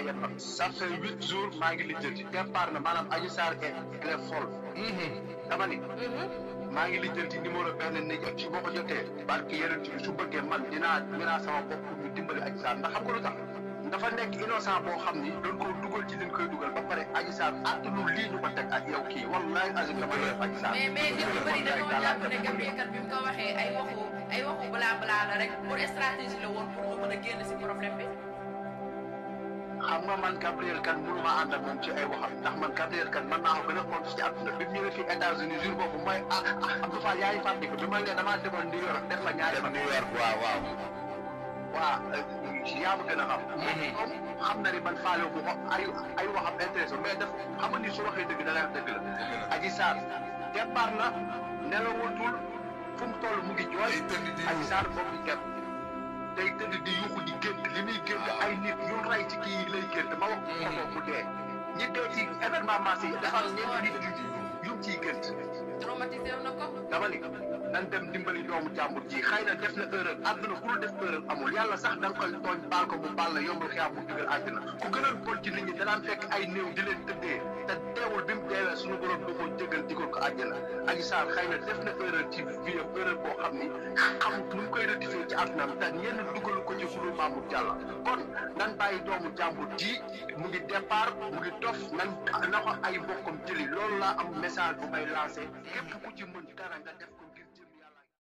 ay defar ça fait huit jours maa ngi lijjanti départ na maanaam aju Sarr elle est folle mhm. dama ni mhm. maa ngi lijjanti numéro benn nit ak ci boo ko jotee barke yeneen ci su bëggee man dinaa dinaa sama bopp pour ñu dimbali Adji Sarr ndax xam nga lu tax dafa nekk innocent boo xam ni doon ko dugal ci leen koy dugal ba pare Adji Sarr attanu lii ko teg ak yow kii wallaahi Aziz dama lay Adji Sarr mais mais ne gàmbeekat bi mu ko waxee ay waxu ay waxu balaa balaa la rek pour stratégie la woon pour mu mën a génn si problème bi xam nga man Gabriel Kane mënu ma ànd ak moom ci ay waxam ndax man Gabriel Kane mën naa ko gën a contre ci àdduna bi mu ñëwee fii États-Unis jour boobu mooy ah, ah Abdou Fall yaa ngi fàttaliku bi ma ne damaa demoon New York def fa ñaari fan. New York waaw waaw. waaw euh, yaa ma gën a xam. Mm-hmm. moom xam na ni man faale bu ko ay ay waxam intéressé mais daf xam nga ni su waxee dëgg da ngay wax dëgg la. Adji Sarr départ na nelawatul fu mu toll mu ngi jooy. Adji Sarr boobu dem day tëdd di yuuxu di gént li muy gént ah. ay nit. ma wax ko mu dee ñi dee ci événement marché yi dafa am ñeenti nit yu ciy gënt traumatisé na ko dama nan dem dimbali doomu jàmbur ji xëy na def na erreur àdduna ku def erreur amul yàlla sax da nga koy tooñ baal ko bu baal la yombul xeex bu dugal àddina ku gënoon bon ci nit ñi danaan fekk ay néew di leen tëddee te teewul bi mu deewee suñu borom du ko jëgal digal ko àjjana Adji Sarr xëy na def na erreur ci vie erreur boo xam ni xamut ci àddunaam te ñenn dugalu ko ci sunu Mamour Diallo kon nan bàyyi doomu jàmbur ji mu ngi départ mu ngi dof nan na ko ay mbokkam jëli loolu laa am message bu may lancé képp ku ci mën dara nga def ko ngir jëm